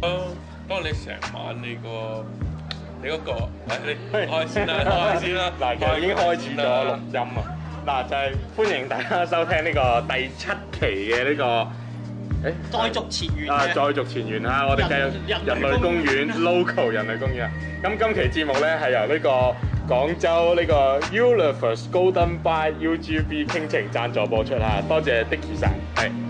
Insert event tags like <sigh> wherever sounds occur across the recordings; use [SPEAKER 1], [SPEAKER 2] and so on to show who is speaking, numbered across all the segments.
[SPEAKER 1] 當當你成晚你個你嗰個，誒你開始啦，開始啦，嗱已經開始咗錄音啊！嗱就係歡迎大家收聽呢個第七期嘅呢個誒再續前緣啊！再續前緣啊！我哋繼續人類公園 local 人類公園啊！咁今期節目咧係由呢個廣州呢個 Universe Golden Bay UGB 傾情贊助播出啦，多謝的士啊係。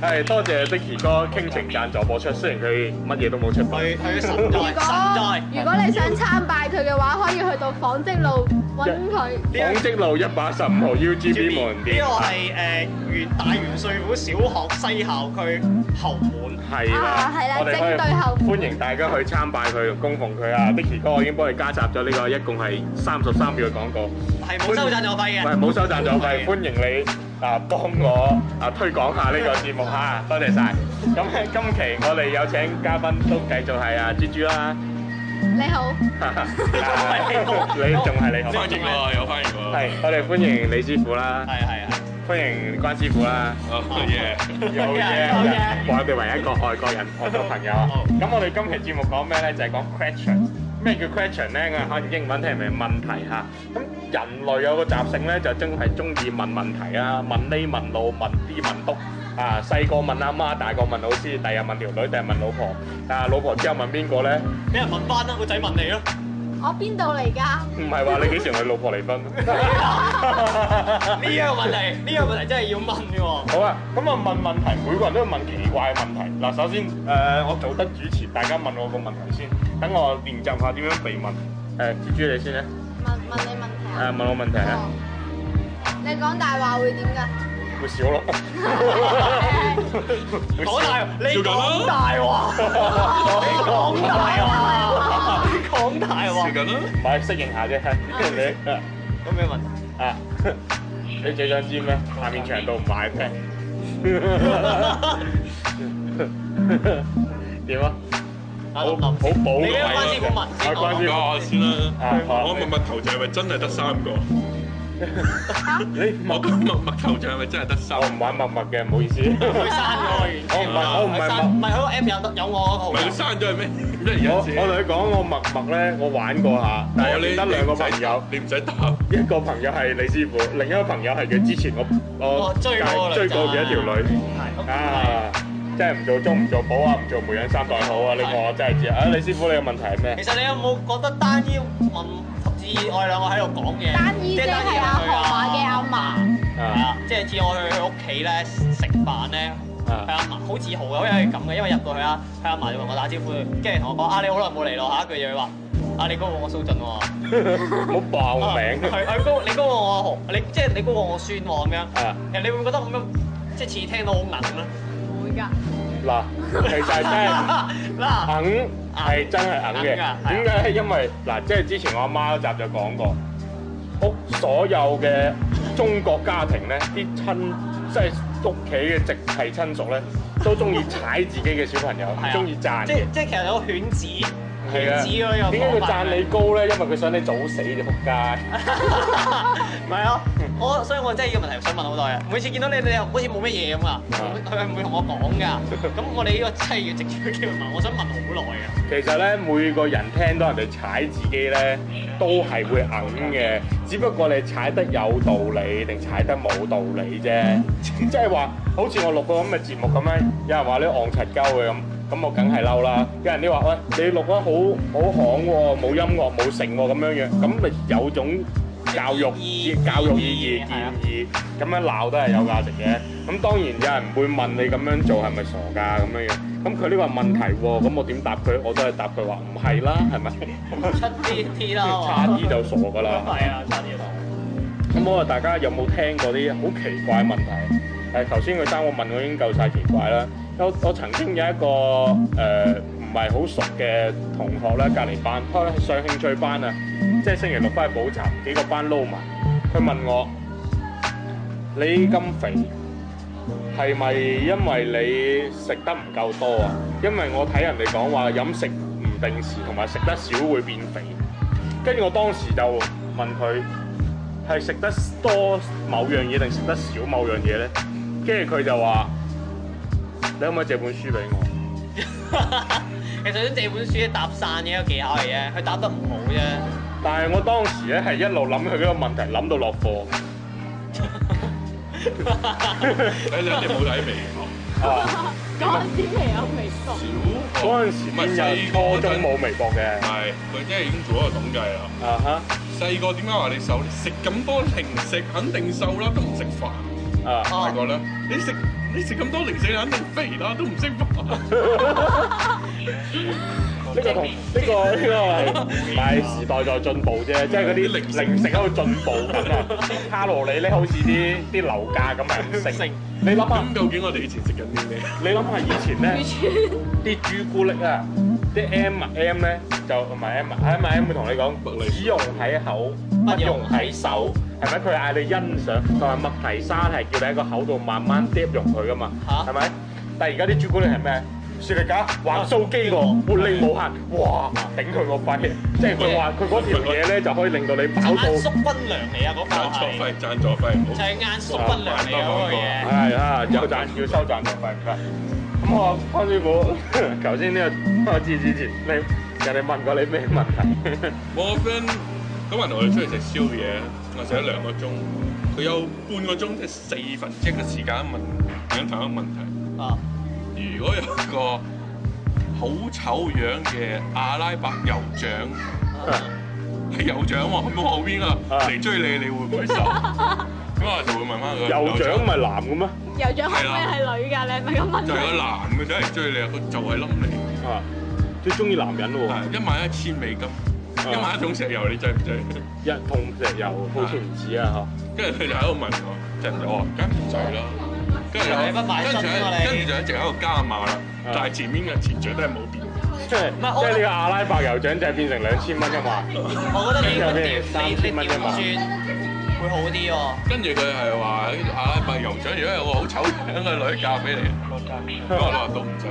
[SPEAKER 1] 係多謝 Dickie 哥傾情贊助播出，雖然佢乜嘢都冇出發。如果如果你
[SPEAKER 2] 想參拜佢嘅話，可以去到紡織路
[SPEAKER 1] 搵佢。紡織路一百一十五號 U G B 門店。呢個係
[SPEAKER 2] 誒元大元帥府小學西校區後門係啊，正對後門。歡
[SPEAKER 1] 迎大家去參拜佢，供奉佢啊！Dickie 哥，我已經幫你加集咗呢個，一共係三十三秒嘅廣告。
[SPEAKER 2] 係冇收贊助費嘅，係冇收贊助費，歡
[SPEAKER 1] 迎你。幫我推廣下呢個節目。人類有個習性咧，就真係中意問問題啊，問呢問路，問啲問督啊。細個問阿媽，大個問老師，第日問條女，第日問老婆。但係，老婆之後問邊個咧？俾人問翻啦，個仔問你咯。
[SPEAKER 2] 我邊度嚟
[SPEAKER 1] 噶？唔係話你幾時同你老婆離婚？呢一個問題，呢
[SPEAKER 2] 個問題真係要
[SPEAKER 1] 問嘅喎。好啊，咁啊問問題，每個人都要問奇怪嘅問題。嗱，首先誒，我做得主持，大家問我個問題先，等我練習下點樣被問。誒，接住你先咧。問問你
[SPEAKER 2] 問。
[SPEAKER 1] 誒，問我問題啊！你講大話會點噶？會少咯。
[SPEAKER 2] 講大，你講大話，你講大話，
[SPEAKER 1] 你講大話。少緊咯？唔係適應下啫，係。咁咩問題？啊，你最想知咩？下面長度唔擺咩？點啊？好，好保嘅係。我陌陌頭像係咪真係得三個？嚇？我陌陌頭像係咪真係得三？我唔玩陌陌嘅，唔好意思。唔會刪咗。我唔係，我唔係陌陌。唔係喺個
[SPEAKER 2] M 有得有我個號。唔係
[SPEAKER 1] 要刪咗咩？我我同你講，我陌陌咧，我玩過下，但係我得兩個朋友，你唔使擔心。一個朋友係李師傅，另一個朋友係佢之前我我追過追過嘅一條女。係。真係唔做中唔做保啊，唔做培養三代好啊！你個我真係知是的啊！李師傅，你嘅問題係咩？其實
[SPEAKER 2] 你有冇覺得單依問自我哋啊？
[SPEAKER 1] 我兩個喺度講嘢，即係都係阿嘅
[SPEAKER 2] 阿嫲。係啊，即係自我去屋企咧食飯咧，係阿嫲好自豪嘅，因為咁嘅，因為入到去啊，係阿嫲就同我打招呼，跟住同我講啊，你好耐冇嚟咯，下一句嘢話，啊，你高過我蘇俊喎、哦，好
[SPEAKER 1] <laughs> 啊、爆名。
[SPEAKER 2] 係阿你高過我、啊、你即係、就是、你高過我孫喎
[SPEAKER 1] 咁樣。
[SPEAKER 2] 其、啊、實你會唔會覺得咁樣即係似聽到好銀咧？
[SPEAKER 1] 嗱，其實真係肯，係真係肯嘅，點解？因為嗱，即係之前我阿媽嗰集就講過，屋所有嘅中國家庭咧，啲親即係屋企嘅直系親屬咧，都中意踩自己嘅小朋友，唔中意讚。即
[SPEAKER 2] 即係其實有犬子。
[SPEAKER 1] 點解佢讚你高咧？因為佢想你早死，你仆街。唔係啊，我所以我真係呢
[SPEAKER 2] 個問題想問好多嘢。每次見到你，你又好似冇乜嘢咁啊。佢唔會同我講㗎。咁 <laughs> 我哋呢個真係要藉住
[SPEAKER 1] 啲機會，我想問好耐啊。其實咧，每個人聽到人哋踩自己咧，都係會硬嘅。只不過你踩得有道理定踩得冇道理啫。即係話，好似我錄過咁嘅節目咁樣，有人話你戇柒鳩嘅咁。咁我梗係嬲啦！有人你話喂，你錄得好好行喎，冇音樂冇成喎咁樣樣，咁咪有種教育意義教育意義建議，咁樣鬧都係有價值嘅。咁當然有人會問你咁樣做係咪傻噶咁樣樣，咁佢呢個問題喎，咁我點答佢我都係答佢話唔係啦，係咪？
[SPEAKER 2] 出啲啲
[SPEAKER 1] 啦，差啲就傻噶啦。係啊，差啲就。咁我話大家有冇聽過啲好奇怪問題？誒頭先佢三個問我已經夠曬奇怪啦。我我曾經有一個誒，唔係好熟嘅同學咧，隔離班，佢上興趣班啊，即係星期六翻去補習，幾個班撈埋。佢問我：你咁肥係咪因為你食得唔夠多啊？因為我睇人哋講話飲食唔定時同埋食得少會變肥。跟住我當時就問佢係食得多某樣嘢定食得少某樣嘢咧。跟住佢就話。你可唔可以借本書俾我？
[SPEAKER 2] 其實借本書搭訕嘅一個技巧嚟嘅，佢搭得唔好
[SPEAKER 1] 啫。但係我當時咧係一路諗佢嗰個問題，諗到落課。你兩隻冇睇微博？
[SPEAKER 2] 嗰陣時未有
[SPEAKER 1] 微博。小。嗰陣時。咪細個都冇微博嘅。係。佢真係已經做咗個統計啦。啊哈。細個點解話你瘦？你食咁多零食肯定瘦啦，都唔食飯。啊。大個咧，你食。你食咁多零食，肯定肥啦，都唔識郁。呢個呢個呢個係，係時代在進步啫，即係嗰啲零食喺度進步緊啊。啲卡路里咧，好似啲啲樓價咁樣升。你諗下，究竟我哋以前食緊啲咩？你諗下以前咧，啲朱古力啊，啲 M M 咧，就同埋 M M，M M 會同你講，只用喺口，不用喺手。係咪？佢嗌你欣賞，同埋麥提莎係叫你喺個口度慢慢啜溶佢㗎嘛？嚇，係咪？但係而家啲朱古力係咩？士力架，橫掃飢餓，活力無限，哇！頂佢個肺，即係佢話佢嗰條嘢咧就可以令到你飽到眼縮骨涼你啊嗰塊。贊助費，贊助費。就係眼縮骨涼你嗰個嘢。係啊，有贊要收贊助費。咁我潘師傅，頭先呢個，我知之前你，人哋問過你咩問題？我嗰晚我哋出去食宵夜，我食咗兩個鐘，佢有半個鐘即係四分之一嘅時間問，想同一個問題啊。如果有個好醜樣嘅阿拉伯酋長，係、啊、酋長喎，咁後邊啊嚟、啊、追你，你會唔會受？
[SPEAKER 2] 咁
[SPEAKER 1] <laughs> 我就會問翻佢。酋長唔係男嘅咩？酋長可咩？
[SPEAKER 2] 可係女㗎？你係咪咁問？就係個
[SPEAKER 1] 男嘅都係追你，佢就係冧你啊！都中意男人喎、啊。一萬一千美金。今、嗯、日一桶石油，你制唔制？一桶石油，好少唔止啊！嗬，跟住佢就喺度問我，跟住我話梗唔制咯。跟、哦、住，跟住，跟、嗯、住，仲喺度加碼啦。但係前面嘅前掌都係冇變，即係即係呢個阿拉伯酋長就變成兩千蚊一萬。我覺得呢個變成三千蚊點算？會好啲喎。跟住佢係話：唉，唔係酋長，如果我好醜，將個女嫁俾你。我 <laughs> 真，我話都唔信。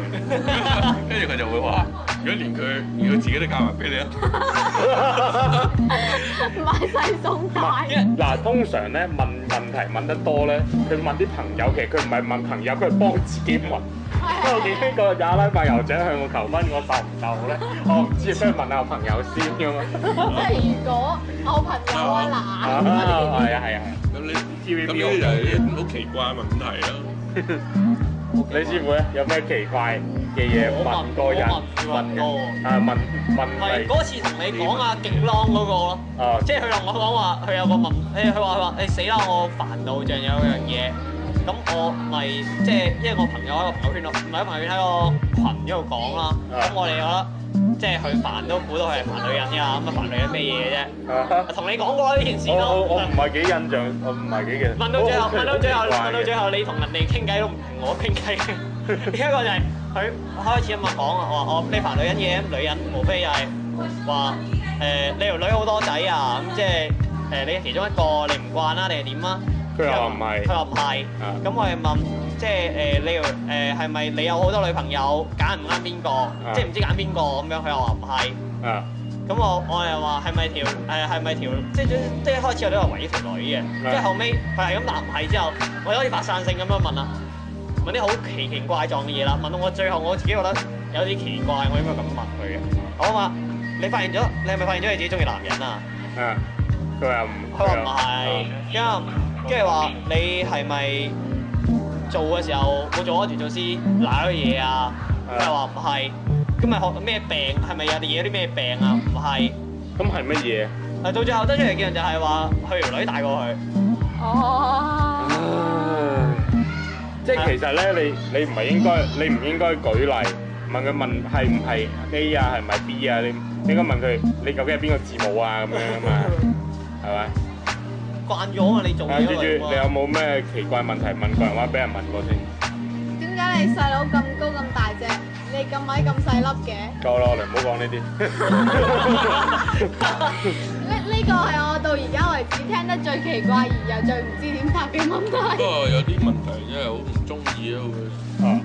[SPEAKER 1] 跟住佢就會話：如果連佢，如果自己都嫁埋俾你咧。 <laughs>
[SPEAKER 2] <laughs> 買細送大
[SPEAKER 1] 嘅。嗱，通常咧問問題問得多咧，佢問啲朋友，其實佢唔係問朋友，佢係幫自己問。因為我見呢個阿拉伯酋長向我求婚，我煩到咧，我唔知要唔要問下我朋友先咁啊。
[SPEAKER 2] 即係如果我朋友嗱，係啊係啊。咁你 TVB 咁呢啲
[SPEAKER 1] 就係啲好奇怪問題啦。李師傅咧，有咩奇怪嘅嘢問個人？問人啊，問問，係嗰
[SPEAKER 2] 次同你講阿勁浪嗰個咯。啊，即係佢同我講話，佢有個問，佢佢話佢話，你死啦！我煩到仲有樣嘢。咁我咪即係，因為我朋友喺個朋友圈度，唔係喺朋友圈喺個羣嗰度講啦。咁我哋覺得即係佢煩都估到佢係煩女人㗎，咁啊煩女人咩嘢嘅啫？同你講過啦呢件事都。我我唔
[SPEAKER 1] 係幾印象，我唔係幾記得。問到最後，問到最後，問到最後，
[SPEAKER 2] 你同人哋傾偈都唔同我傾偈。呢個就係佢開始咁樣講，話我呢煩女人嘅，女人無非就係話誒你條女好多仔啊，咁即係誒你其中一個你唔慣啦，你係點啊？佢話唔係，佢話唔係，咁、啊、我係問，即係誒你誒係咪你有好多女朋友揀唔啱邊個，啊、即係唔知揀邊個咁樣？佢又話唔係，咁、啊、我我又話係咪條誒係咪條，即係即係一開始我都話唯一條女嘅、啊，即係後尾，佢係咁話唔係之後，我開始發散性咁樣問啊，問啲好奇奇怪狀嘅嘢啦，問到我最後我自己覺得有啲奇怪，我應該咁問佢嘅，好嘛？你發現咗你係咪發現咗你自己中意男人啊？
[SPEAKER 1] 佢話唔，佢話唔
[SPEAKER 2] 係，啊跟住話你係咪做嘅時候，冇做安全措施？攋咗嘢啊？佢又話唔係，咁咪學咩病？係咪有啲嘢？有啲咩病啊？唔係，咁係乜嘢？
[SPEAKER 1] 係到最後得出嚟嘅人就係話，佢條女大過佢。哦、oh. 嗯。即係其實咧，你你唔係應該，你唔應該舉例問佢問係唔係 A 啊，係唔係 B 啊？你應該問佢你究竟係邊個字母啊咁樣啊嘛，係 <laughs> 咪？慣咗嘛？你做咗嚟喎。阿豬豬，你有冇咩奇怪問題問過人話，俾人問過先？點
[SPEAKER 2] 解你細佬咁高咁大隻，你咁矮咁細粒嘅？
[SPEAKER 1] 夠啦，我哋唔好講呢啲。呢呢個
[SPEAKER 2] 係我到而家為止聽得最奇怪，而又最唔知點答嘅問題。不過
[SPEAKER 1] 有啲問題真係好唔
[SPEAKER 2] 中意咯，會。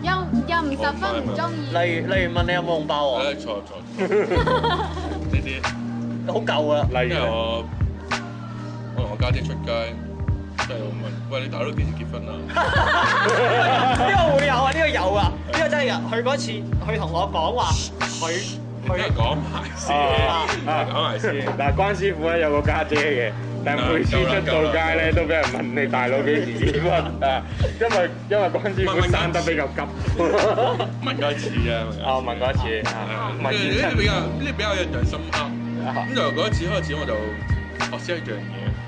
[SPEAKER 2] 又又唔十分唔中意。
[SPEAKER 1] 例如例如問你有冇紅包王？錯錯錯。呢啲好舊啊。例如。我同我家姐出街，即係我問：喂，你大佬幾時結婚啊？呢個會有啊，呢個有
[SPEAKER 2] 啊，呢個真係啊！佢嗰次，佢同我講話，
[SPEAKER 1] 佢佢講埋先啊，講埋先。嗱，關師傅咧有個家姐嘅，但每次出到街咧都俾人問你大佬幾時結婚啊？因為因為關師傅生得比較急，問過一次啊，問過一次，呢啲比較呢啲比較印象深刻。咁就由嗰一次開始，我就學識一樣嘢。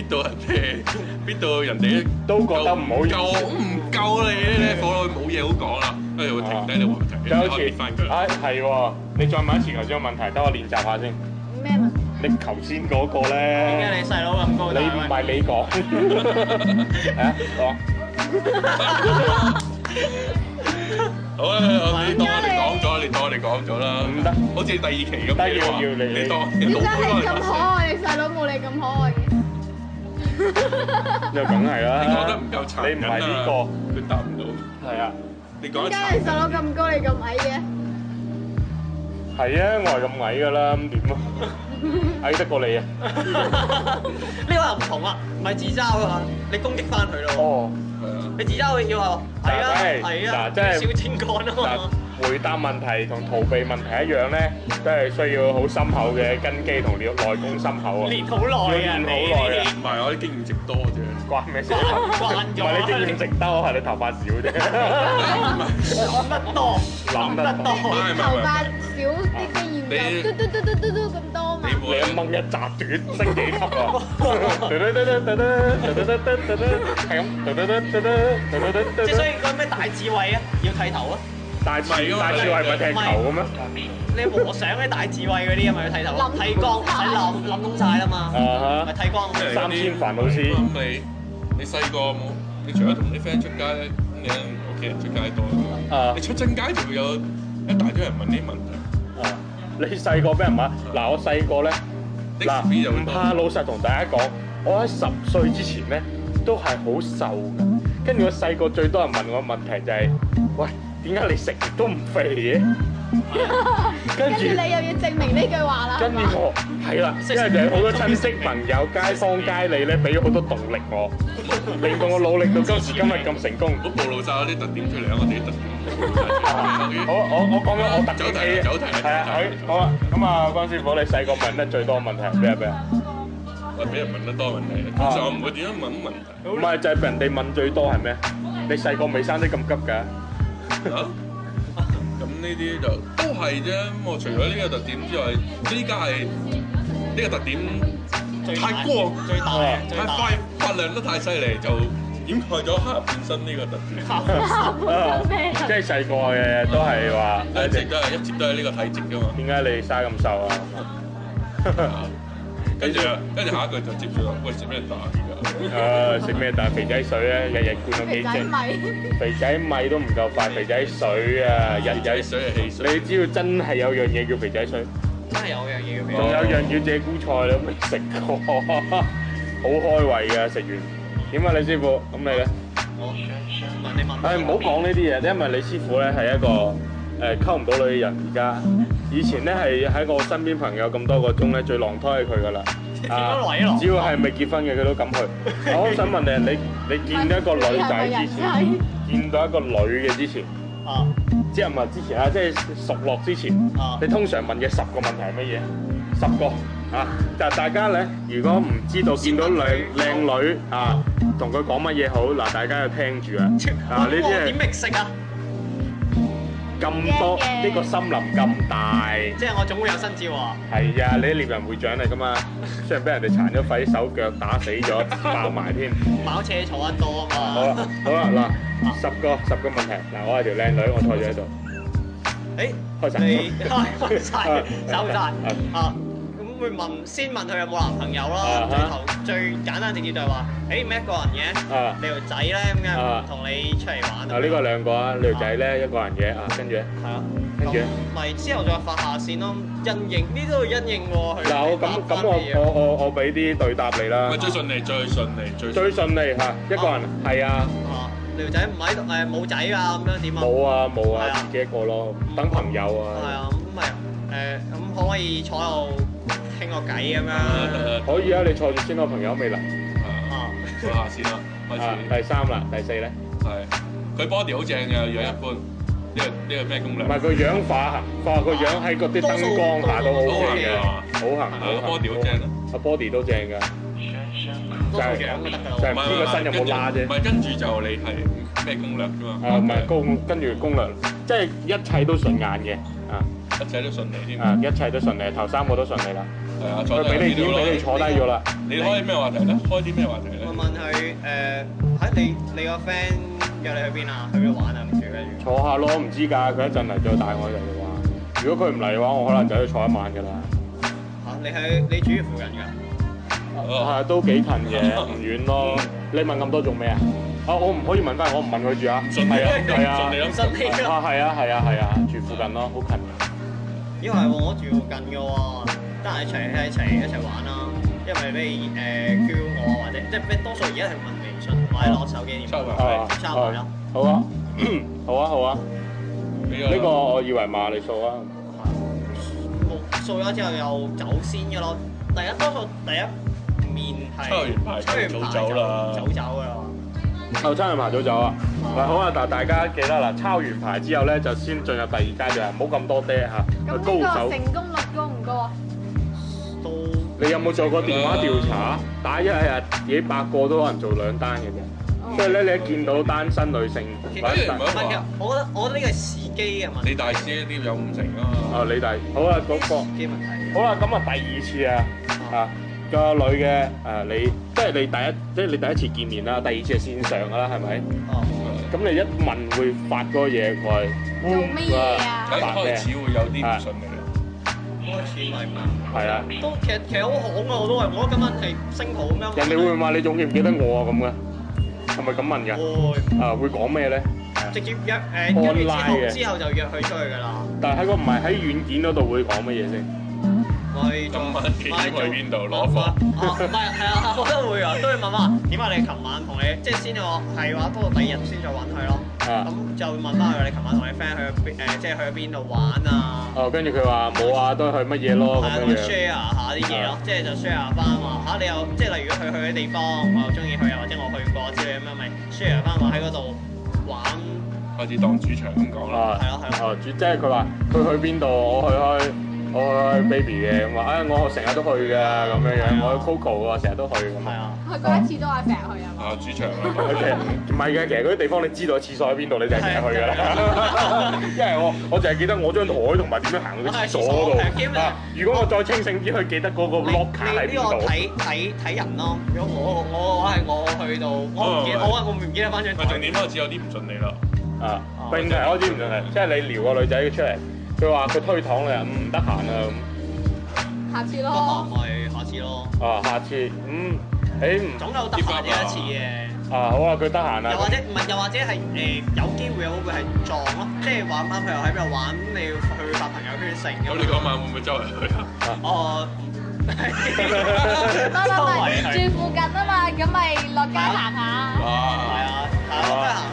[SPEAKER 1] 逼到人哋，逼到人哋都覺得唔好，夠唔夠你咧？我冇嘢好講啦，跟住我停低你話題。有節份，哎，係喎，你再問一次頭先個問題，等我練習下先。
[SPEAKER 2] 咩
[SPEAKER 1] 問題？你頭先嗰個咧？點解你細佬咁高？你唔係你講。啊，講。好啦，我當你講咗，你當你講咗啦。唔得，好似第二期咁要要你。你真係咁可愛，你細佬冇你
[SPEAKER 2] 咁可愛。又梗係
[SPEAKER 1] 啦！你覺得唔夠慘，你唔係呢個，佢答唔到。係啊，你講得殘。點解你細佬
[SPEAKER 2] 咁高，你咁矮
[SPEAKER 1] 嘅？係啊，我係咁矮噶啦，點啊？矮得過你啊！呢個又唔同啊，唔係自嘲啊，
[SPEAKER 2] 你攻擊翻佢咯。哦，係啊，你自嘲佢要啊？係啊，係啊，小
[SPEAKER 1] 青幹啊嘛。回答問題同逃避問題一樣咧，都係需要好深厚嘅根基同呢個內功深厚啊！練好耐啊！練好耐啊！唔係我經驗值多啫，關咩事啊？唔係你經驗值多，係你頭髮少啫。講得多，諗得多，頭髮少啲經驗值。嘟
[SPEAKER 2] 嘟嘟嘟嘟嘟咁多嘛？你一掹
[SPEAKER 1] 一扎短，升幾級啊？嘟嘟嘟嘟嘟嘟嘟嘟嘟嘟，係咁。嘟嘟嘟嘟嘟嘟嘟嘟。
[SPEAKER 2] 即所以個咩大智慧啊？要剃頭啊？
[SPEAKER 1] 大智大智慧唔係踢球嘅咩？
[SPEAKER 2] 你和尚嗰啲大智慧嗰啲啊嘛，要剃頭，剃光，睇諗，諗通曬啦嘛。啊嚇！剃光。三千煩惱絲。咁你
[SPEAKER 1] 你細個冇？你除咗同啲 friend 出街咧，你喺屋企人出街多啦。啊。你出親街就會有一大堆人問啲問題。啊！你細個俾人問嗱，我細個咧嗱唔怕，老實同大家講，我喺十歲之前咧都係好瘦嘅。跟住我細個最多人問我問題就係：喂。點解你食極都唔肥嘅？
[SPEAKER 2] 跟住你又要證明呢句
[SPEAKER 1] 話啦。跟住我係啦，因為就係好多親戚朋友、街坊街裏咧，俾咗好多動力我，令到我努力到今時今日咁成功。都暴露曬我啲特點出嚟啊！我哋啲特點。好，我我講緊我特點先。係啊，好啊。咁啊，關師傅，你細個問得最多問題係咩啊？咩啊？我俾人問得多問題。其實我唔會點樣問問題。唔係，就係俾人哋問最多係咩？你細個未生得咁急㗎？啊！咁呢啲就都係啫。咁我除咗呢個特點之外，依家係呢個特點太光，最大啊，太發量得太犀利，就掩蓋咗黑本身呢個特點。即係細個嘅都係話一直都係一直都係呢個體積噶嘛。點解你嘥咁瘦啊？跟住，跟住下一句就接住啦。喂，食咩蛋啊？而家啊，食咩蛋？肥仔水咧，日日灌到幾升。肥仔米，肥仔米都唔夠快，肥仔水啊，肥仔水係汽水。你只要真係有樣嘢叫肥仔水，真係有樣嘢叫肥仔水。
[SPEAKER 2] 仲有樣叫
[SPEAKER 1] 鷓鴣菜，你有冇食過？好開胃嘅，食完。點啊，李師傅？咁你咧？我想問你問題。唉，唔好講呢啲嘢，因為李師傅咧係一個。誒溝唔到女嘅人而家，以前咧係喺我身邊朋友咁多個中咧最浪胎係佢噶啦，啊，只要係未結婚嘅佢都敢去。我好想問你，你你見到一個女仔之前，見到一個女嘅之前，啊，即係唔係之前啊，即係熟落之前，啊，你通常問嘅十個問題係乜嘢？十個，啊，但係大家咧如果唔知道見到女靚女啊，同佢講乜嘢好嗱？大家要聽住啊，啊呢啲係點覓食啊？咁多呢個森林咁大，即係
[SPEAKER 2] 我總會有新招。
[SPEAKER 1] 係呀，你獵人會長嚟㗎嘛？雖然俾人哋殘咗廢手腳，打死咗爆埋添。
[SPEAKER 2] 跑車坐得
[SPEAKER 1] 多啊嘛。好啦，好啦嗱，十個十個問題嗱，我係條靚女，我坐住喺度。誒，開齊，你開開齊，
[SPEAKER 2] 收唔收？啊。會問先問佢有冇男朋友咯，最頭最簡單直接就係話，誒咩一個人嘅？你條仔咧咁樣同你出嚟玩
[SPEAKER 1] 啊？呢個兩個啊，你條仔咧一個人嘅啊，跟住咧，係啊，跟住咧，
[SPEAKER 2] 咪之後再發下線咯，因應呢都係因應喎。嗱，我
[SPEAKER 1] 咁咁，我我我我俾啲對答你啦。咪最順利最順利最最順利嚇，一個人係啊。啊，
[SPEAKER 2] 你條仔唔喺度誒冇仔啊，咁樣點啊？冇啊冇啊，自己一個咯，等朋
[SPEAKER 1] 友啊。係啊咁咪
[SPEAKER 2] 誒咁可唔可以坐喺度？傾
[SPEAKER 1] 個偈啊嘛，可以啊，你坐住先，我朋友未嚟。啊，坐下先啦。啊，第三啦，第四咧。係。佢 body 好正嘅，樣一般。呢個呢個咩攻略。唔係佢樣化行，個樣喺嗰啲燈光下到好行嘅，好行。啊，body 好正咯。啊，body 都正㗎。就係就係唔知個身有冇拉啫。唔係跟住就你係咩攻略㗎嘛？啊，唔係攻跟住攻略，即係一切都順眼嘅啊。一切都順利添啊！一切都順利，頭三個都順利啦。係啊，坐低咗咯。你開咩話題咧？開啲咩話題咧？問問佢誒，你你個 friend 約你去邊啊？去邊玩啊？唔住跟住。坐下咯，唔知㗎。佢一陣嚟再帶我嚟話。如果佢唔嚟嘅話，我可能就要坐一晚㗎啦、啊。你住你住附近㗎？啊，都幾近嘅，唔遠咯。你問咁多做咩啊？啊，我唔可以問翻，我唔問佢住啊。啊！啊！係 <laughs> 啊，係啊，啊，啊，啊，啊，啊，啊，啊，啊，住附近咯，好、啊、近。
[SPEAKER 2] 因為我住附近嘅喎，得閒一齊喺一齊一齊玩啦。因為比如誒 call 我或者即係多數而家係問微信或者攞手機，你
[SPEAKER 1] 收埋咯。好啊，好啊，好啊。呢個二維碼你掃啊。
[SPEAKER 2] 掃掃咗之後又走先嘅咯。第一多數第一面係。收完牌就走走啦。
[SPEAKER 1] 又抽完牌早走啊！嗱好啊，但大家記得嗱、嗯，抄完牌之後咧就先進入第二階段，唔好咁多爹嚇。啊、高手成功率高唔
[SPEAKER 2] 高啊
[SPEAKER 1] ？So, 你有冇做過電話調查？Yeah. 打一日幾百個都可能做兩單嘅啫。Oh. 所以咧，你一見到單身女性，唔係咁嘅。我覺得我覺得呢個係時機啊嘛。
[SPEAKER 2] 李大師
[SPEAKER 1] 呢啲有五成啊嘛。啊李大，好啊，嗰、那個。係時機問題好啦，咁啊，第二次啊，啊。個女嘅誒，你即係你第一，即係你第一次見面啦，第二次係線上㗎啦，係咪？哦。咁你一問會發個嘢佢。做咩嘢啊？開始會有啲唔順利。開始唔係嘛？係啊。都其實其實好好啊，
[SPEAKER 2] 我都話，我今日係星號咁樣。人哋會
[SPEAKER 1] 唔會話你仲記唔記得我啊咁嘅？係咪咁問㗎？會。啊，會講咩咧？直
[SPEAKER 2] 接約誒，Online 之後就約佢出去㗎啦。
[SPEAKER 1] 但係喺個唔係喺軟件嗰度會講乜嘢先？
[SPEAKER 2] 去中文嘅去邊度攞貨？唔係係啊，我都會啊，都會問翻。點解你琴晚同你即係先我係話，到第二日先再揾佢咯。咁、啊嗯、就問翻佢你琴晚同你 friend 去邊即係去邊度玩
[SPEAKER 1] 啊，啊？哦，跟住佢話冇啊，都係去乜嘢咯咁樣。係 share
[SPEAKER 2] 下啲嘢咯，即係、啊、就 share 翻話嚇你又即係例如佢去嘅地方，我又中意去啊，或者我去過之類咁樣咪 share 翻話喺嗰度
[SPEAKER 1] 玩。開、啊、始當主場咁講啦。係啊係啊，啊，啊。主即係佢話佢去邊度，我去去。哎、我 baby 嘅咁話，誒我成日都去嘅咁樣樣，我 Coco 喎，成日都去。咁係、嗯、啊，去過一次都話成日去啊。嘛。啊，主場啊，唔係嘅，其實嗰啲地方你知道廁所喺邊度，你就係成日去嘅啦。是是啊、 <laughs> 因為我我淨係記得我張台同埋點樣行去個廁所度。如果我再清醒啲去記得嗰個 locker 喺邊度。你呢個睇睇睇人咯。如果我、啊、如果我我
[SPEAKER 2] 係我，我
[SPEAKER 1] 去到，我唔記得翻張。佢重點開始有啲唔順利啦。啊，平台開始唔順利，即係你撩個女仔出嚟。啊啊佢話佢推搪啦，唔得閒啊咁，
[SPEAKER 2] 下次咯，唔係下
[SPEAKER 1] 次咯，啊下次，嗯，誒唔，總有得閒嘅一次嘅，啊好啊，佢得閒啊，又或
[SPEAKER 2] 者唔係又或者係誒有機會有會係撞咯，即係玩啊佢又喺邊度玩，咁你要去發朋友圈成。咁你今晚會唔會周圍去啊？哦，唔周圍，住附近啊嘛，咁咪落街行下啊。
[SPEAKER 1] 啊！都行下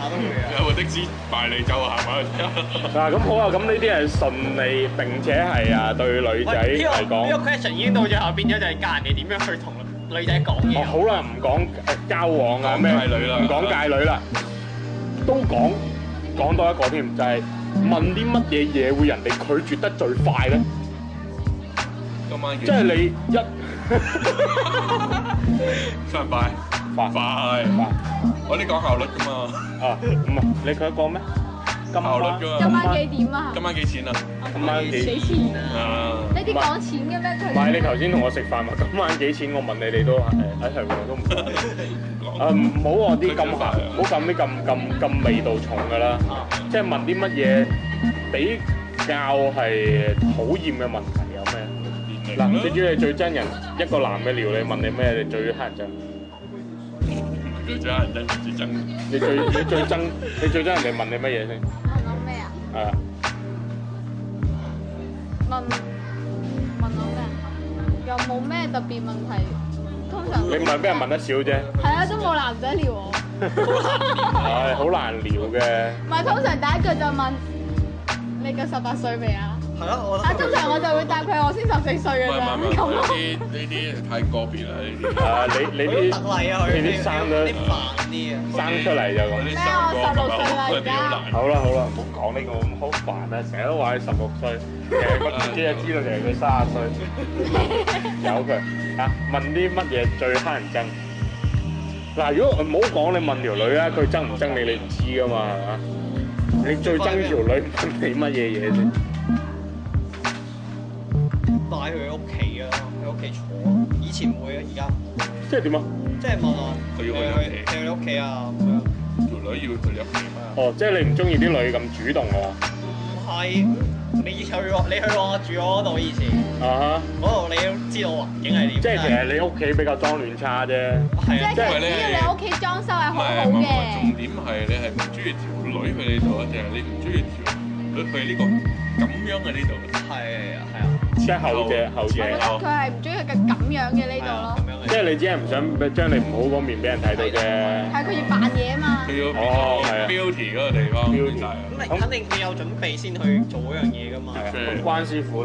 [SPEAKER 1] 都唔理啊！有冇的士帶你走啊？行埋去。嗱咁好啊！咁呢啲係順利，並且係啊對女仔嚟講。呢個 question 已經到最後，變咗就係教人哋點樣去同女仔講嘢。好啦，唔講交往啊咩，唔講介女啦，都講講多一個添，就係問啲乜嘢嘢會人哋拒絕得最快咧？即係你一上班。快！我啲講效率噶嘛？啊，唔係你佢一個咩？效率噶嘛？今晚幾點啊？今晚幾錢啊？今晚幾錢啊？
[SPEAKER 2] 你啲講錢嘅咩？唔係你
[SPEAKER 1] 頭先同我食飯嘛？今晚幾錢？我問你哋都一齊我都唔講。啊，唔好話啲咁鹹，唔好撳啲咁咁咁味道重噶啦。啊！即係問啲乜嘢比較係討厭嘅問題有咩？嗱，你主要你最憎人一個男嘅撩你問你咩？你最乞人憎。最憎人哋唔知憎，你最你最憎你最憎人哋問你乜嘢先？問到咩啊？係啊，問問
[SPEAKER 2] 到咩？又冇咩特
[SPEAKER 1] 別問題，通常你問，俾人問得少
[SPEAKER 2] 啫。係啊，都冇男仔撩我。
[SPEAKER 1] 唉，好難撩嘅。唔係，通常第一句就問你夠十
[SPEAKER 2] 八歲未啊？係咯，我啊通
[SPEAKER 1] 常我就會答佢，我先十四歲㗎嘛。唔係唔係，呢啲呢啲太個別啦，呢啲。啊，你你啲特例啊，佢啲生得，你煩啲啊。生出嚟就咁。咩？我十六歲啦而家。好啦好啦，唔好講呢個，好煩啊！成日都話佢十六歲，成個姐姐都知道，成日佢卅歲。由佢啊！問啲乜嘢最乞人憎？嗱，如果唔好講你問條女啦，佢憎唔憎你你唔知㗎嘛？嚇，你最憎條女問你乜嘢嘢先？
[SPEAKER 2] 帶去屋企啊，喺屋企坐。以前唔會啊，而
[SPEAKER 1] 家。即係點啊？即係問啊，去去去，去，去你屋企啊咁樣。
[SPEAKER 2] 條女要去入邊啊？哦，即係你唔中意啲女咁
[SPEAKER 1] 主動啊？
[SPEAKER 2] 唔係，你去我，你去我住我度以前。
[SPEAKER 1] 啊、uh-huh. 度你知道環境係點？即係其實你屋企比較裝亂差啫。係啊，即、就、係、是、你屋企裝修係好
[SPEAKER 2] 嘅。重點係你係唔中意條女
[SPEAKER 1] 去這裡是你度、這個嗯這個、啊，淨係你唔中意條女去呢個咁樣嘅呢度？係係啊。即後者，後者，佢係
[SPEAKER 2] 唔中意
[SPEAKER 1] 佢嘅咁樣嘅呢度咯。即係、就是、你只係唔想將你唔好嗰面俾人睇到啫。係佢要扮嘢啊
[SPEAKER 2] 嘛。哦，係啊。Beauty 嗰個地方，Beauty。咁你
[SPEAKER 1] 肯定佢有準備先去做嗰
[SPEAKER 2] 樣嘢㗎嘛。係
[SPEAKER 1] 啊。關師傅，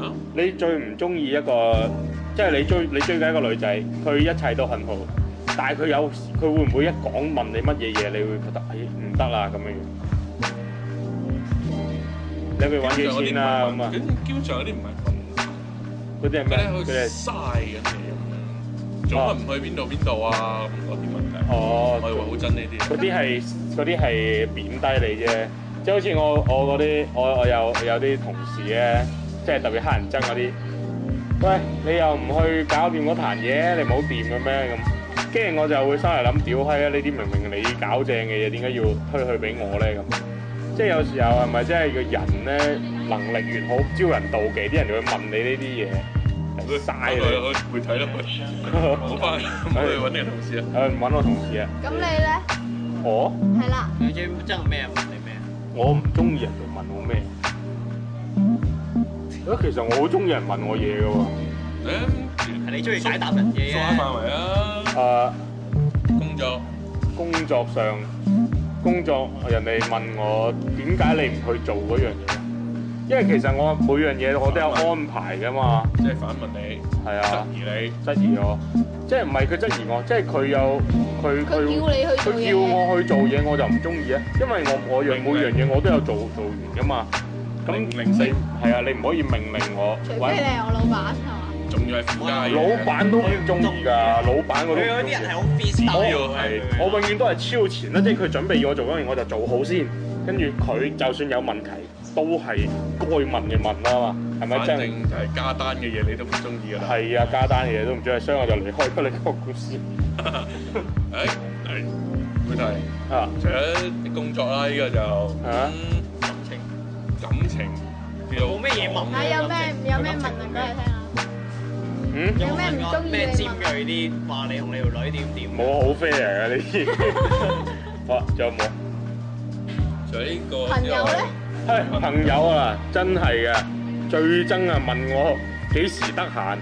[SPEAKER 1] 啊、你最唔中意一個，即、就、係、是、你追你追緊一個女仔，佢一切都很好，但係佢有佢會唔會一講問你乜嘢嘢，你會覺得欸，唔得啦咁樣。基本上嗰啲啊，咁啊，基本上嗰啲唔係咁，嗰啲人佢哋嘥咁嘅，仲話唔去邊度邊度啊？咁嗰啲問題，我以為好憎呢啲。嗰啲係嗰啲係貶低你啫，即係好似我我嗰啲我我有有啲同事咧，即係特別乞人憎嗰啲。喂，你又唔去搞掂嗰壇嘢，你唔好掂嘅咩咁？跟住我就會心嚟諗屌閪啊！呢啲明明你搞正嘅嘢，點解要推去俾我咧咁？即係有時候係咪即係個人咧能力越好，招人妒忌，啲人就會問你呢啲嘢，嘥你。唔睇啦，唔睇啦，唔好翻，唔去揾你同事啊。誒，揾我同事啊。咁你咧？哦係啦。你最憎
[SPEAKER 2] 咩啊？問你咩
[SPEAKER 1] 啊？我唔中意人問我咩。啊，其實我好中意人問我嘢嘅喎。誒，係你中意解答人嘢啊？範圍啊。誒，工作。工作上。工作人哋問我點解你唔去做嗰樣嘢？因為其實我每樣嘢我都有安排㗎嘛。即係反問你，係啊，質疑你，質疑我，即係唔係佢質疑我？即係佢有佢佢佢叫你去做嘢。佢叫我去做嘢，我就唔中意啊，因為我我樣每樣嘢我都有做做完㗎嘛。咁零四係啊，你唔可以命令我，除非你係我老闆。仲要係副家，老闆都好中意㗎，老闆嗰啲。佢有啲人係好 face down。我要係，我永遠都係超前啦，即係佢準備要我做嗰樣嘢，我就做好先。跟住佢就算有問題，都係該問嘅問啦嘛，係咪真？反正就係加單嘅嘢，你都唔中意㗎啦。係啊，加單嘅嘢都唔中意，所以我就離開咗你個公司。誒，阿妹提啊，除咗啲工作啦，呢個就嚇感情，感情冇咩嘢問啊？睇有
[SPEAKER 2] 咩有咩問啊？講嚟聽。嗯、你有咩
[SPEAKER 1] 唔中意咩尖鋭啲？話你同你條女點點？冇好 fair 嚟嘅呢啲。好啊，仲、 <laughs> 哦、有冇？仲有呢個朋友咧？朋友啊，哎，真係嘅。最憎啊，問我幾時得閒。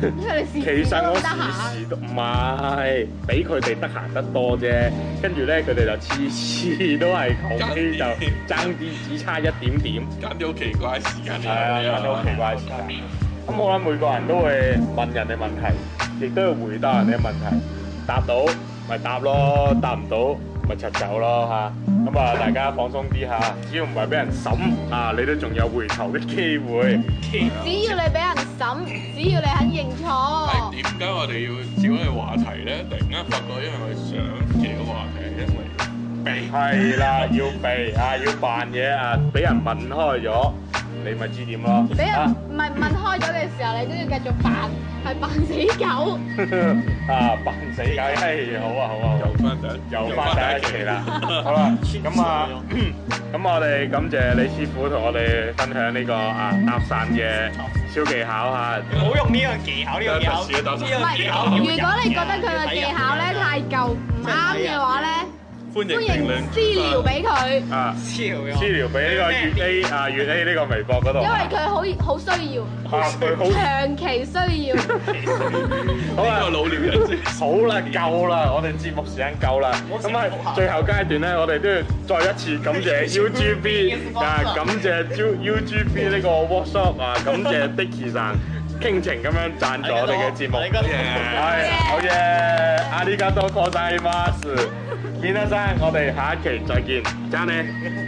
[SPEAKER 1] 你其實我時時都唔係比佢哋得閒得多啫。跟住咧，佢哋就次次都係講啲就爭啲，只差一點點。揀啲好奇怪時間啊，揀啲好奇怪、啊、時間。啊。咁我諗每個人都會問人哋問題，亦都要回答人哋問題，答到咪答咯，答唔到咪插走咯吓。咁啊，大家放鬆啲吓，只要唔係俾人審啊，你都仲有回頭嘅機會。只
[SPEAKER 2] 要你俾人審，只要你肯認錯。係，
[SPEAKER 1] 點解我哋要少啲話題咧？突然間發覺，因為想嘅話題，因為避係啦， <laughs> 要避吓、啊，要扮嘢啊，俾人問開咗。你咪知點咯？俾人唔
[SPEAKER 2] 係問開咗嘅時候，你都
[SPEAKER 1] 要繼續扮，係扮死狗。啊，扮死狗！嘿，好啊，好啊，又翻第又翻第一期啦。好啦，咁啊，咁我哋感謝李師傅同我哋分享呢個啊搭訕嘅小技巧嚇。唔好用呢個技巧，呢個技巧。唔係，如果你覺得佢個技巧咧
[SPEAKER 2] 太舊唔啱嘅話咧，
[SPEAKER 1] 歡迎資料俾佢啊！資料資料俾呢個粵 A 啊粵 A 呢個微博嗰度，因
[SPEAKER 2] 為佢好好需要，長期需
[SPEAKER 1] 要。好啦，老鳥人，好啦，夠啦，我哋節目時間夠啦。咁喺，最後階段咧，我哋都要再一次感謝 UGB 啊，感謝 U UGB 呢個 workshop 啊，感謝 Dickson 傾情咁樣贊助我哋嘅節目。係好嘢，阿里加多科西巴斯。建德生，我哋下一期再見，揸你。 <laughs>